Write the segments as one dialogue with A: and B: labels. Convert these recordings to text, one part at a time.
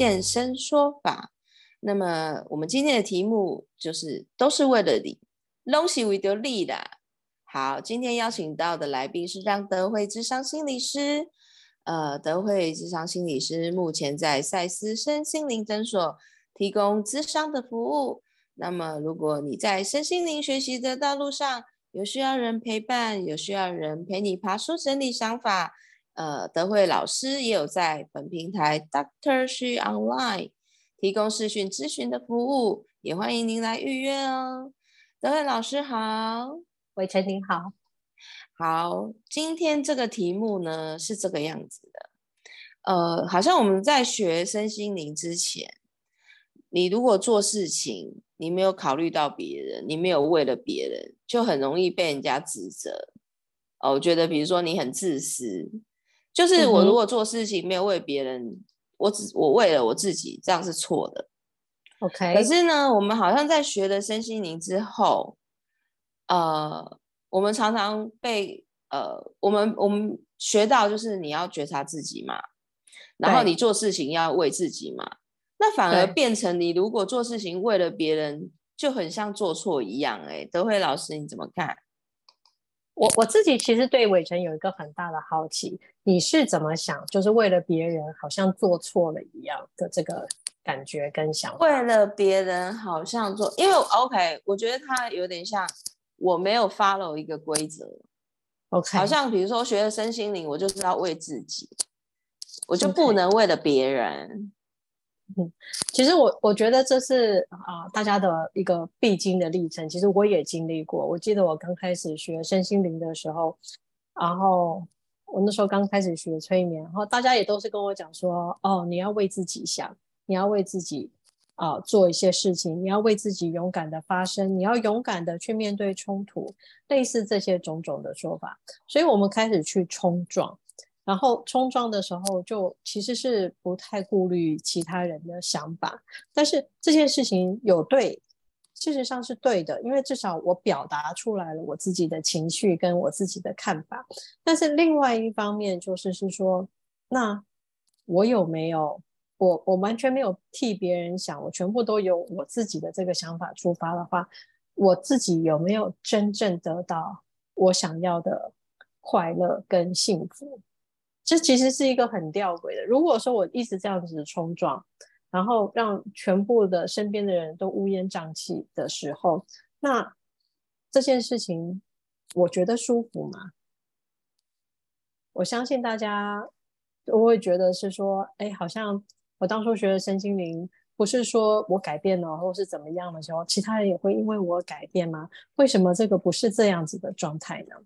A: 獻聲說法。那麼我們今天的題目就是都是為了你，攏是為得利的。好，今天邀請到的來賓是讓德惠諮商心理師。呃，德惠諮商心理師目前在賽斯身心靈診所提供諮商的服務。那麼，如果你在身心靈學習的道路上有需要人陪伴，有需要人陪你爬梳、整理想法。呃，德惠老師也有在本平台 Doctor She Online 提供視訊諮詢的服務，也歡迎您來預約哦。德惠老師好，偉成你好，好，今天這個題目呢是這個樣子的，呃，好像我們在學身心靈之前，你如果做事情，你沒有考慮到別人，你沒有為了別人，就很容易被人家指責哦、呃。我覺得，比如說你很自私。
B: 就是我如果
A: 做事情沒有為別人，嗯、哼我只我為了我自己，這樣是錯的。OK，可是呢，我們好像在學了身心靈之後，呃，我們常常被呃，我們我們學到就是你要覺察自己嘛，
B: 然後你做
A: 事情要為自己嘛，對那反而變成你如果做事情為了別人，就很像做錯一樣，欸。哎，德惠老師你怎麼看？
B: 我我自己其實對偉成有一個很大的好奇，你是怎麼想？就是為了別人好像做錯了一樣的這個感覺跟想法，
A: 為了別人好像做，因為 OK，我覺得他有點像我沒有 follow 一個規則，OK，好像比如說學了身心靈，我就是要為自己，我就不能為了別人。Okay.
B: 嗯，其實我我覺得這是啊、呃、大家的一個必經的歷程。其實我也經歷過。我記得我剛開始學身心靈的時候，然後我那時候剛開始學催眠，然後大家也都是跟我講說，哦，你要為自己想，你要為自己啊、呃、做一些事情，你要為自己勇敢的發聲，你要勇敢的去面對衝突，類似這些種種的說法。所以我們開始去衝撞。然後衝撞的時候，就其實是不太顧慮其他人的想法。但是這件事情有對，事實上是對的，因為至少我表達出來了我自己的情緒跟我自己的看法。但是另外一方面就是是說，那我有沒有，我我完全沒有替別人想，我全部都有我自己的這個想法出發的話，我自己有沒有真正得到我想要的快樂跟幸福？這其實是一個很吊詭的。如果說我一直這樣子衝撞，然後讓全部的身邊的人都烏煙瘴氣的時候，那這件事情，我覺得舒服嗎？我相信大家，都會覺得是說，哎，好像我當初學的身心靈，不是說我改變了，或是怎麼樣的時候，其他人也會因為我改變嗎？為什麼這個不是這樣子的狀態呢？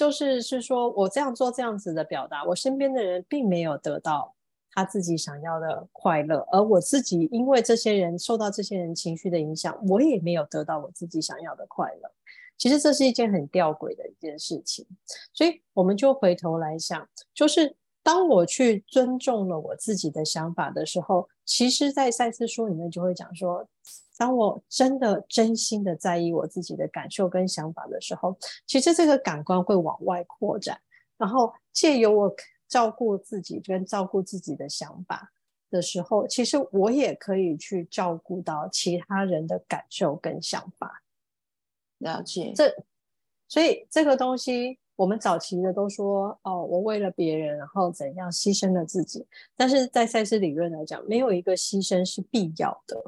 B: 就是是說，我這樣做這樣子的表達，我身邊的人並沒有得到他自己想要的快樂，而我自己因為這些人受到這些人情緒的影響，我也沒有得到我自己想要的快樂。其實這是一件很吊詭的一件事情，所以我們就回頭來想，就是當我去尊重了我自己的想法的時候。其實在賽斯書裡面就會講說，當我真的真心的在意我自己的感受跟想法的時候，其實這個感官會往外擴展，然後借由我照顧自己跟照顧自己的想法的時候，其實我也可以去照顧到其他人的感受跟想法。了解。這，所以這個東西。我們早期的都說哦，我為了別人，然後怎樣犧牲了自己。但是在賽斯理論來講，沒有一個犧牲是必要的。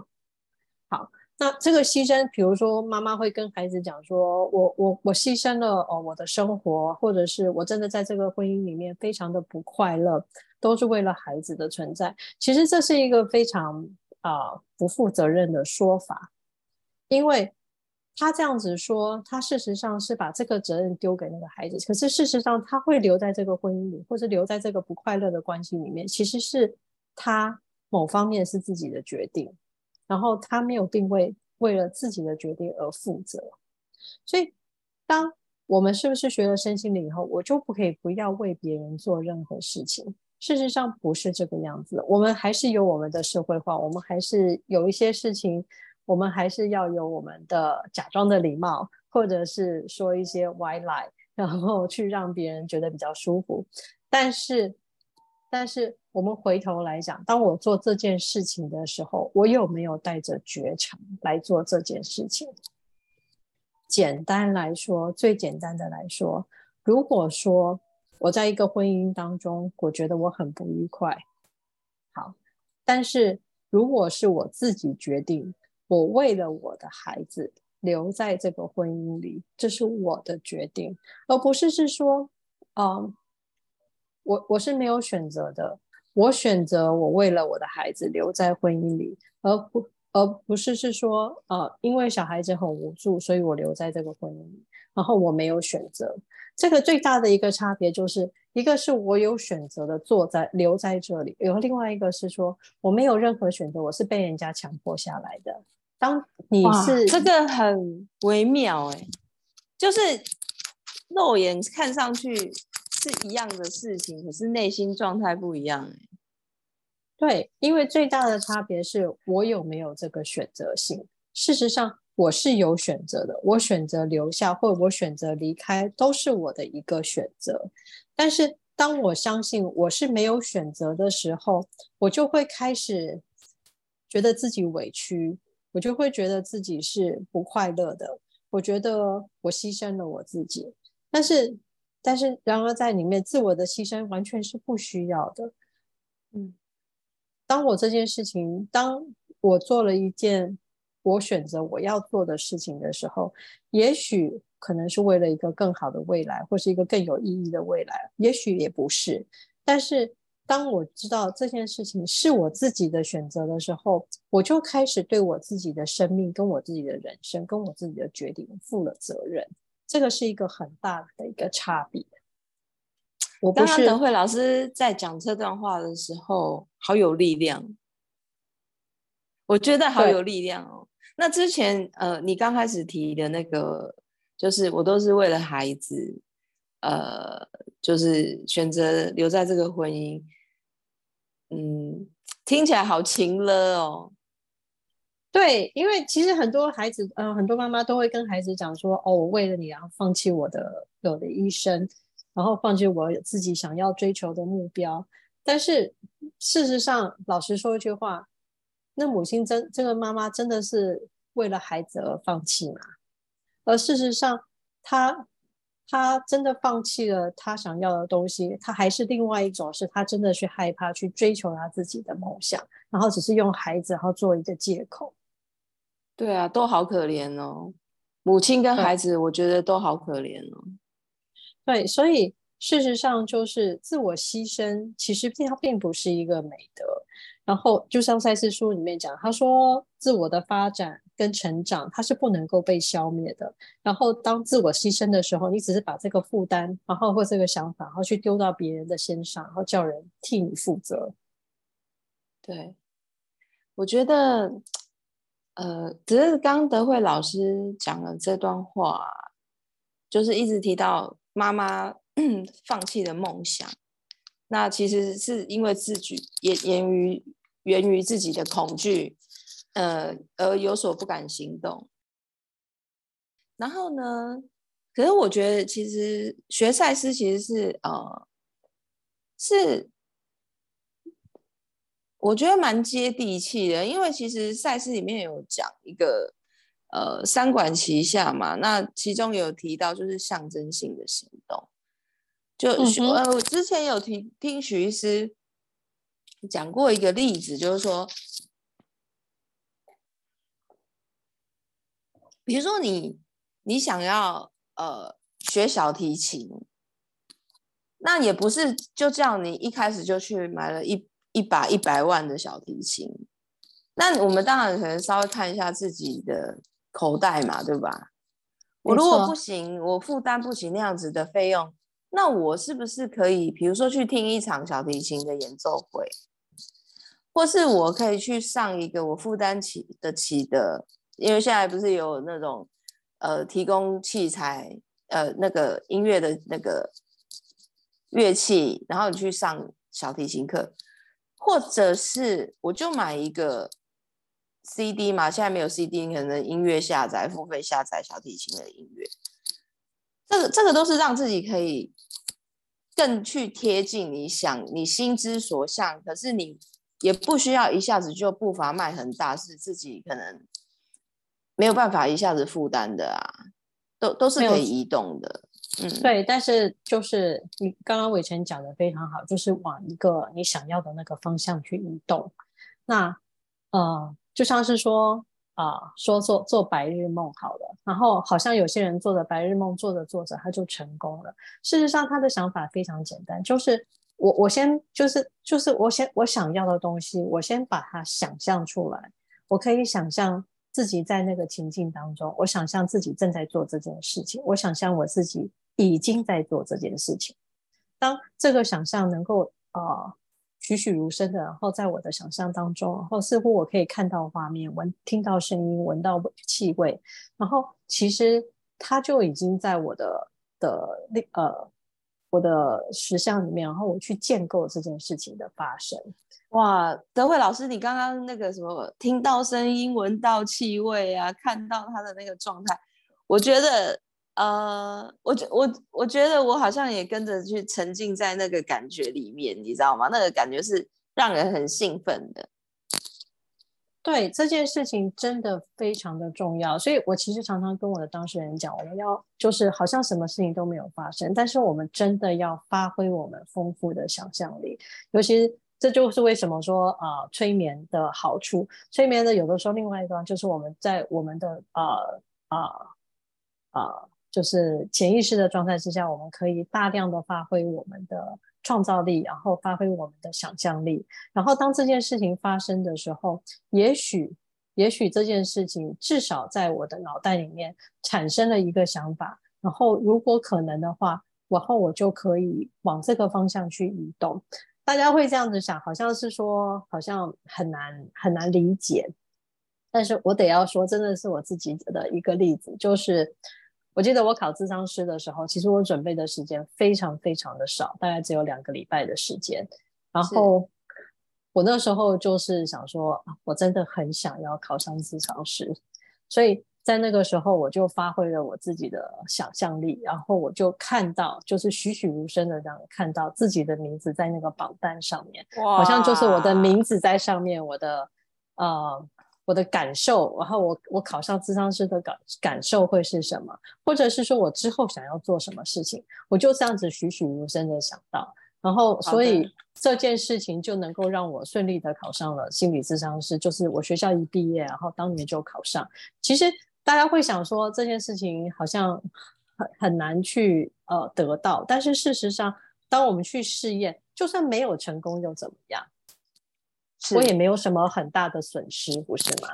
B: 好，那這個犧牲，比如說媽媽會跟孩子講說，我我我犧牲了哦，我的生活，或者是我真的在這個婚姻裡面非常的不快樂，都是為了孩子的存在。其實這是一個非常啊、呃、不負責任的說法，因為。他這樣子說，他事實上是把這個責任丟給那個孩子。可是事實上，他會留在這個婚姻裡，或是留在這個不快樂的關係裡面，其實是他某方面是自己的決定，然後他沒有定位為了自己的決定而負責。所以，當我們是不是學了身心靈以後，我就不可以不要為別人做任何事情？事實上不是這個樣子了，我們還是有我們的社會化，我們還是有一些事情。我們還是要有我們的假裝的禮貌，或者是說一些歪賴，然後去讓別人覺得比較舒服。但是，但是我們回頭來講，當我做這件事情的時候，我有沒有帶着覺察來做這件事情？簡單來說，最簡單的來說，如果說我在一個婚姻當中，我覺得我很不愉快，好，但是如果是我自己決定。我為了我的孩子留在這個婚姻裡，這是我的決定，而不是是說，啊、呃，我我是沒有選擇的。我選擇我為了我的孩子留在婚姻裡，而不而不是是說，啊、呃，因為小孩子很無助，所以我留在這個婚姻裡。然後我沒有選擇，這個最大的一個差別就是一個是我有選擇的坐在留在這裡，然後另外一個是說，我沒有任何選擇，我是被人家強迫下來的。
A: 當你是哇這個很微妙欸，就是肉眼看上去是一樣的事情，可是內心狀態不一樣欸。
B: 對，因為最大的差別是我有沒有這個選擇性。事實上，我是有選擇的，我選擇留下，或我選擇離開，都是我的一個選擇。但是，當我相信我是沒有選擇的時候，我就會開始覺得自己委屈。我就會覺得自己是不快樂的。我覺得我犧牲了我自己，但是，但是，然而，在裡面自我的犧牲完全是不需要的。嗯，當我這件事情，當我做了一件我選擇我要做的事情的時候，也許可能是為了一個更好的未來，或是一個更有意義的未來，也許也不是，但是。當我知道這件事情是我自己的選擇的時候，我就開始對我自己的生命、跟我自己的人生、跟我自己的決定負了責任。這個是一個很大的一個差別。
A: 我
B: 剛剛德惠老師
A: 在講這段話的時候，好有力量，我覺得好有力量哦。對那之前，呃，你剛開始提的那個，就是我都是為了孩子。呃，就是選擇留在這個婚姻，嗯，聽起來好情勒哦。
B: 對，因為其實很多孩子，嗯、呃，很多媽媽都會跟孩子講說：“哦，我為了你，然後放棄我的我的一生，然後放棄我自己想要追求的目標。”但是事實上，老實說一句話，那母親真，這個媽媽真的是為了孩子而放棄嗎？而事實上，她。他真的放棄了他想要的東西，他還是另外一種是他真的去害怕去追求他自己的夢想，然後只是用孩子然後做一個借口。
A: 對啊，都好可憐哦，母親跟孩子，我
B: 覺得都好可憐哦。對。對，所以事實上就是自我犧牲，其實並不是一個美德。然後就像賽斯書裡面講，他說自我的發展跟成長，它是不能夠被消滅的。然後當自我犧牲的時候，你只是把這個負擔，然後或這個想法，然後去丟到別人的身上，
A: 然後叫人替你負責。對，我覺得，呃，只是剛德惠老師講了這段話，就是一直提到媽媽 放棄的夢想。那其實是因為自己也源於源於自己的恐懼，呃，而有所不敢行動。然後呢，可是我覺得其實學賽斯其實是呃是，我覺得蠻接地氣的，因為其實賽斯裡面有講一個呃三管齊下嘛，那其中有提到就是象徵性的行動。就呃，我之前有聽聽徐醫師講過一個例子，就是說，比如說你你想要呃學小提琴，那也不是就這樣，你一開始就去買了一一把一百萬的小提琴，那我們當然可能稍微看一下自己的口袋嘛，對吧？沒錯。我如果不行，我負擔不起那樣子的費用。那我是不是可以，比如說去聽一場小提琴的演奏會，或是我可以去上一個我負擔起得起的，因為現在不是有那種，呃，提供器材，呃，那個音樂的那個樂器，然後你去上小提琴課，或者是我就買一個 CD 嘛，現在沒有 CD，可能能音樂下載，付費下載小提琴的音樂。這個這個都是讓自己可以更去貼近你想，你心之所向，可是你也不需要一下子就步伐邁很大，是自己可能沒有辦法一下子負擔的啊，都都是可以移動的。有嗯，對，
B: 但是就是你剛剛偉晨講的非常好，就是往一個你想要的那個方向去移動。那呃，就像是說。啊，說做做白日夢好了，然後好像有些人做的白日夢，做着做着他就成功了。事實上，他的想法非常簡單，就是我我先就是就是我先我想要的東西，我先把它想象出來。我可以想象自己在那個情境當中，我想象自己正在做這件事情，我想象我自己已經在做這件事情。當這個想象能夠啊。呃栩栩如生的，然後在我的想象當中，然後似乎我可以看到畫面，聞，聽到聲音，聞到氣味，然後其實它就已經在我的的那呃我的實像裡面，然後我去建構這件事情的發生。
A: 哇，德惠老師，你剛剛那個什麼聽到聲音，聞到氣味啊，看到他的那個狀態，我覺得。呃、uh，我覺我我覺得我好像也跟着去沉浸在那個感覺裡面，你知道嗎？那個感覺是讓人很興奮的。對，
B: 這件事情真的非常的重要，所以我其實常常跟我的當事人講，我們要就是好像什麼事情都沒有發生，但是我們真的要發揮我們豐富的想象力。尤其這就是為什麼說啊、呃，催眠的好處，催眠的有的時候另外一段就是我們在我們的啊啊啊。呃呃呃就是潛意識的狀態之下，我們可以大量的發揮我們的創造力，然後發揮我們的想象力。然後當這件事情發生的時候，也許，也許這件事情至少在我的腦袋裡面產生了一個想法。然後如果可能的話，往後我就可以往這個方向去移動。大家會這樣子想，好像是說，好像很難很難理解。但是我得要說，真的是我自己的一個例子，就是。我記得我考諮商師的時候，其實我準備的時間非常非常的少，大概只有兩個禮拜的時間。然後是我那時候就是想說，我真的很想要考上諮商師，所以在那個時候我就發揮了我自己的想象力，然後我就看到，就是栩栩如生的這樣看到自己的名字在那個榜單上面，哇好像就是我的名字在上面，我的，呃。我的感受，然後我我考上諮商師的感感受會是什麼，或者是說我之後想要做什麼事情，我就這樣子栩栩如生的想到，然後所以這件事情就能夠讓我順利的考上了心理諮商師，就是我學校一畢業，然後當年就考上。其實大家會想說這件事情好像很很難去呃得到，但是事實上，當我們去試驗，就算沒有成功又怎麼樣？是我也沒有什麼很大的損失，不是嗎？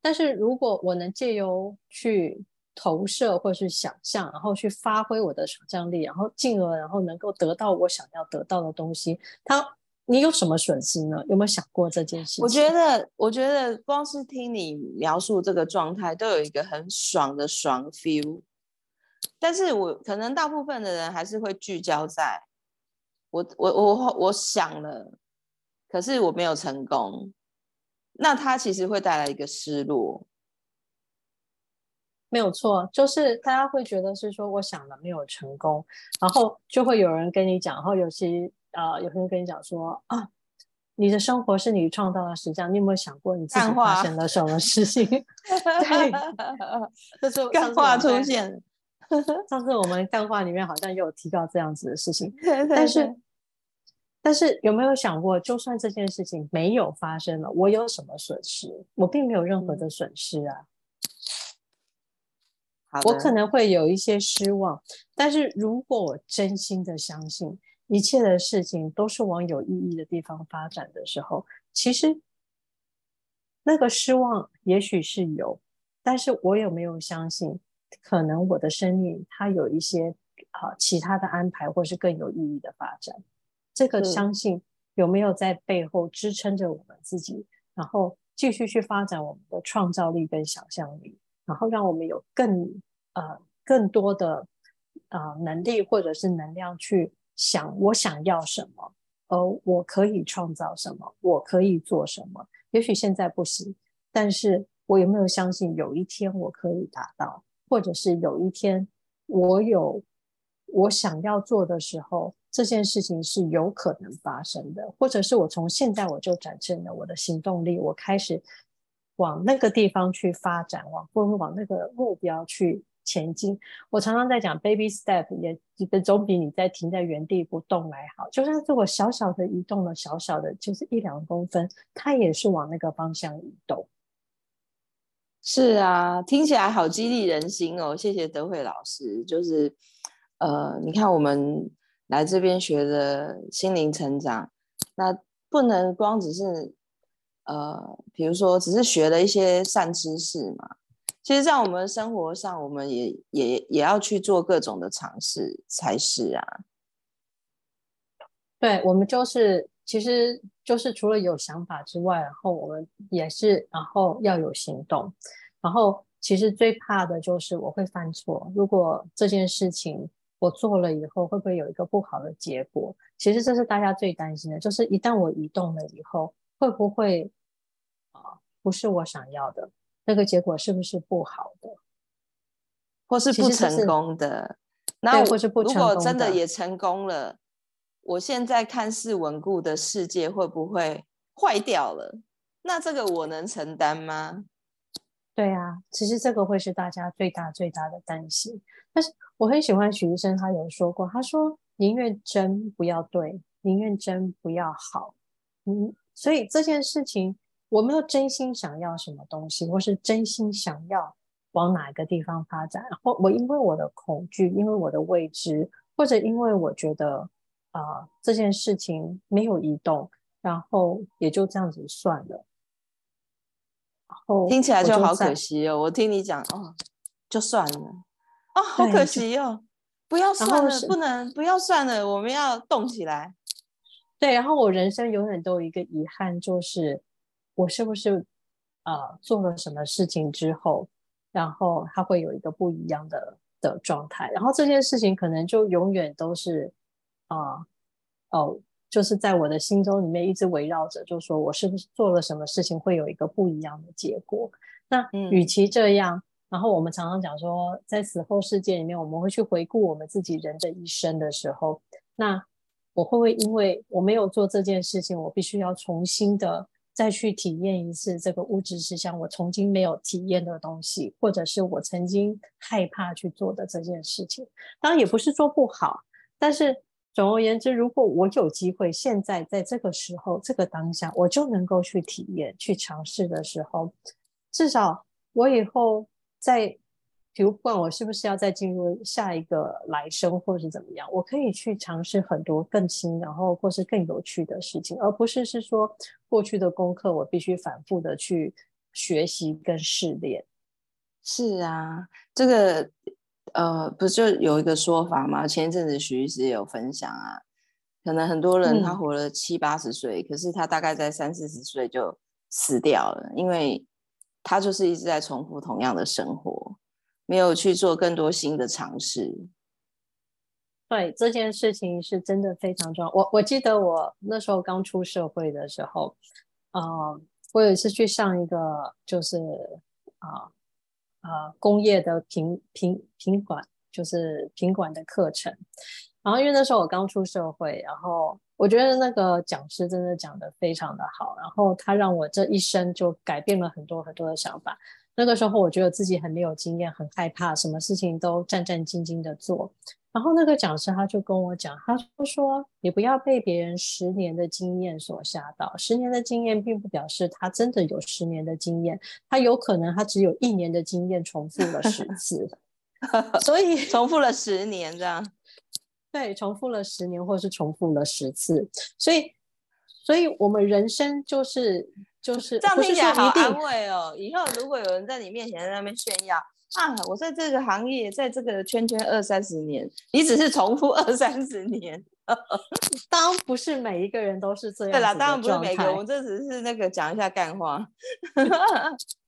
B: 但是如果我能借由去投射或是想象，然後去發揮我的想象力，然後進而然後能夠得到我想要得到的東西，他你有什麼損失呢？有沒有想過這件事情？我覺
A: 得，我覺得光是聽你描述這個狀態，都有一個很爽的爽 feel。但是我可能大部分的人還是會聚焦在，我我我我想了。可是我沒有成功，那他其實會帶來一個失落，
B: 沒有錯，就是大家會覺得是說我想的沒有成功，然後就會有人跟你講，然後尤其、呃、有朋友跟你講說啊，你的生活是你創造的實像，你有沒有想過你自己發生了什麼事情？
A: 話 對，這是 幹話出現。
B: 上次 我們幹話裡面好像也有提到這樣子的事情，
A: 對對對但是。
B: 但是有沒有想過，就算這件事情沒有發生了，我有什麼損失？我並沒有任何的損失啊。嗯、我可能會有一些失望，但是如果我真心的相信一切的事情都是往有意義的地方發展的時候，其實那個失望也許是有，但是我有沒有相信，可能我的生命它有一些啊、呃、其他的安排，或是更有意義的發展。這個相信有沒有在背後支撐着我們自己，嗯、然後繼續去發展我們的創造力跟想象力，然後讓我們有更呃更多的啊、呃、能力或者是能量去想我想要什麼，而我可以創造什麼，我可以做什麼？也許現在不行，但是我有沒有相信有一天我可以達到，或者是有一天我有我想要做的時候？這件事情是有可能發生的，或者是我從現在我就展現了我的行動力，我開始往那個地方去發展，往或者往那個目標去前進。我常常在講 baby step，也總比你在停在原地不動來好。就算是我小小的移動了，小小的，就是一兩公分，它也是往那個方向移動。
A: 是啊，聽起來好激勵人心哦！謝謝德惠老師。就是，呃，你看我們。來這邊學的心靈成長，那不能光只是，呃，比如說只是學了一些善知識嘛。其實，在我們的生活上，我們也也也要去做各種的嘗試才是啊。
B: 對，我們就是，其實就是除了有想法之外，然後我們也是，然後要有行動。然後，其實最怕的就是我會犯錯。如果這件事情，我做了以後會不會有一個不好的結果？其實這是大家最擔心的，就是一旦我移動了以後，會不會啊不是我想要的那個結果？是不是不好的，
A: 或是不成功的？那如果如果真的也成功了，我現在看似穩固的世界會不會壞掉了？那這個我能承擔嗎？
B: 對啊，其實這個會是大家最大最大的擔心，但是。我很喜歡許醫生，他有說過，他說寧願真不要對，寧願真不要好。嗯，所以這件事情我沒有真心想要什麼東西，或是真心想要往哪一個地方發展，或我因為我的恐懼，因為我的未知，或者因為我覺得啊，呃，這件事情沒有移動，然後也就這樣子算了。然後
A: 聽起來就好可惜哦，我聽你講哦，就算了。啊、哦，好可惜哦，不要算了，不能不要算了，我們要動起來。對，
B: 然後我人生永遠都有一個遺憾，就是我是不是啊、呃、做了什麼事情之後，然後他會有一個不一樣的的狀態，然後這件事情可能就永遠都是啊哦、呃呃，就是在我的心中裡面一直圍繞着，就說我是不是做了什麼事情會有一個不一樣的結果？那與其這樣。嗯然後我們常常講說，在死後世界裡面，我們會去回顧我們自己人這一生的時候，那我會不會因為我沒有做這件事情，我必須要重新的再去體驗一次這個物質實相我曾經沒有體驗的東西，或者是我曾經害怕去做的這件事情？當然也不是做不好，但是總而言之，如果我有機會，現在在這個時候、這個當下，我就能夠去體驗、去嘗試的時候，至少我以後，在，比如，不管我是不是要再進入下一個來生，或是怎麼樣，我可以去嘗試很多更新，然後或是更有趣的事情，而不是是說過去的功課我必須反覆的去學
A: 習跟試煉。是啊，這個呃，不就有一個說法嗎？前一陣子徐醫師有分享啊，可能很多人他活了七八十歲，嗯、可是他大概在三四十歲就死掉了，因為。他就是一直在重複同樣的生活，沒有去做更多新的嘗試。
B: 對，這件事情是真的非常重要。我我記得我那時候剛出社會的時候，啊、呃，我有一次去上一個就是啊啊、呃呃、工業的品品品管，就是品管的課程。然後因為那時候我剛出社會，然後我覺得那個講師真的講得非常的好，然後他讓我這一生就改變了很多很多的想法。那個時候我覺得自己很沒有經驗，很害怕，什麼事情都戰戰兢兢地做。然後那個講師他就跟我講，他說，說你不要被別人十年的經驗所嚇到，十年的經驗並不表示他真的有十年的經驗，他有可能他只有一年的經驗重複了十次， 所以 重複了
A: 十年這樣。
B: 對，重複了十年，或是重複了十次，所以，所以我們人生就是就是，不是說一定好安
A: 慰哦。以後如果有人在你面前在那邊炫耀啊，我在這個行業，在這個圈圈二三十年，你只是重複二三十年。 當然不是每一個人都是這樣的。對啦，當然不是每一個，我這只是那個講一下幹話。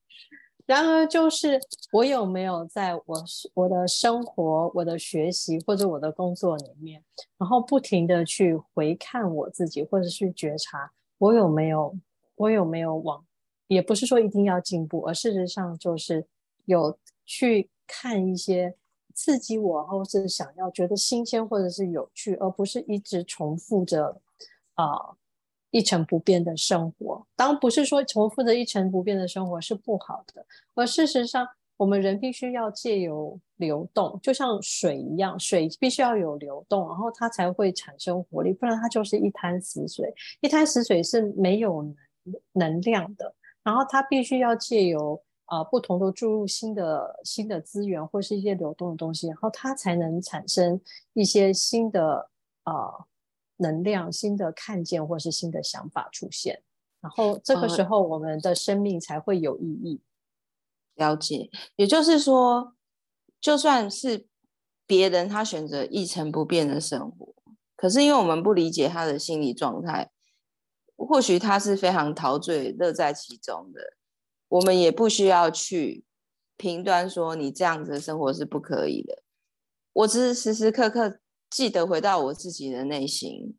B: 然而，就是我有沒有在我我的生活、我的學習或者我的工作裡面，然後不停地去回看我自己，或者去覺察我有沒有我有沒有往，也不是說一定要進步，而事實上就是有去看一些刺激我，或者是想要覺得新鮮或者是有趣，而不是一直重複着，呃。一成不變的生活，當然不是說重複的一成不變的生活是不好的，而事實上，我們人必須要借由流動，就像水一樣，水必須要有流動，然後它才會產生活力，不然它就是一灘死水。一灘死水是沒有能能量的，然後它必須要借由啊、呃、不同的注入新的新的資源或是一些流動的東西，然後它才能產生一些新的啊。呃能量、新的看見或是新的想法出現，然後這個時候我們的生命才會有意義。嗯，
A: 了解，也就是說，就算是別人他選擇一成不變的生活，可是因為我們不理解他的心理狀態，或許他是非常陶醉、樂在其中的。我們也不需要去評斷說你這樣子的生活是不可以的。我只是時時刻刻。記得回到我自己的內心，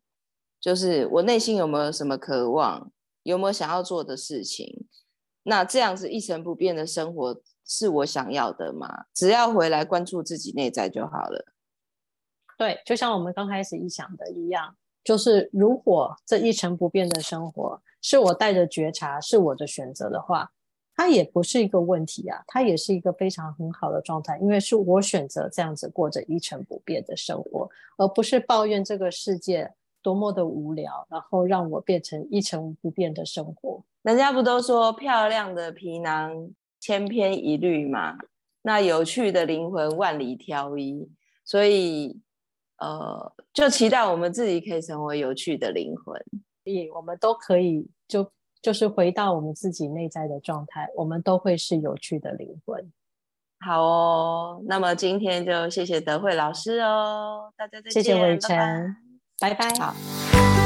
A: 就是我內心有沒有什麼渴望，有沒有想要做的事情？那這樣子一成不變的生活，是我想要的嗎？只要回來關注自己內在就好了。
B: 對，就像我們剛開始一想的一樣，
A: 就是如果這
B: 一成不變的生活是我帶着覺察，是我的選擇的話。它也不是一個問題啊，它也是一個非常很好的狀態，因為是我選擇這樣子過着一成不變的生活，而不是抱怨這個世界多麼的無聊，然後讓我變成一成不變的生活。
A: 人家不都說漂亮的皮囊千篇一律嘛，那有趣的靈魂萬里挑一，所以呃，就期待我們自己可以成為有趣的靈魂，
B: 所以我們都可以就。就是回到我們自己內在的狀態，我們都會是有趣的靈魂。
A: 好哦，那麼今天就謝謝德惠老師哦，大家再見，謝謝偉成，拜拜，拜拜好。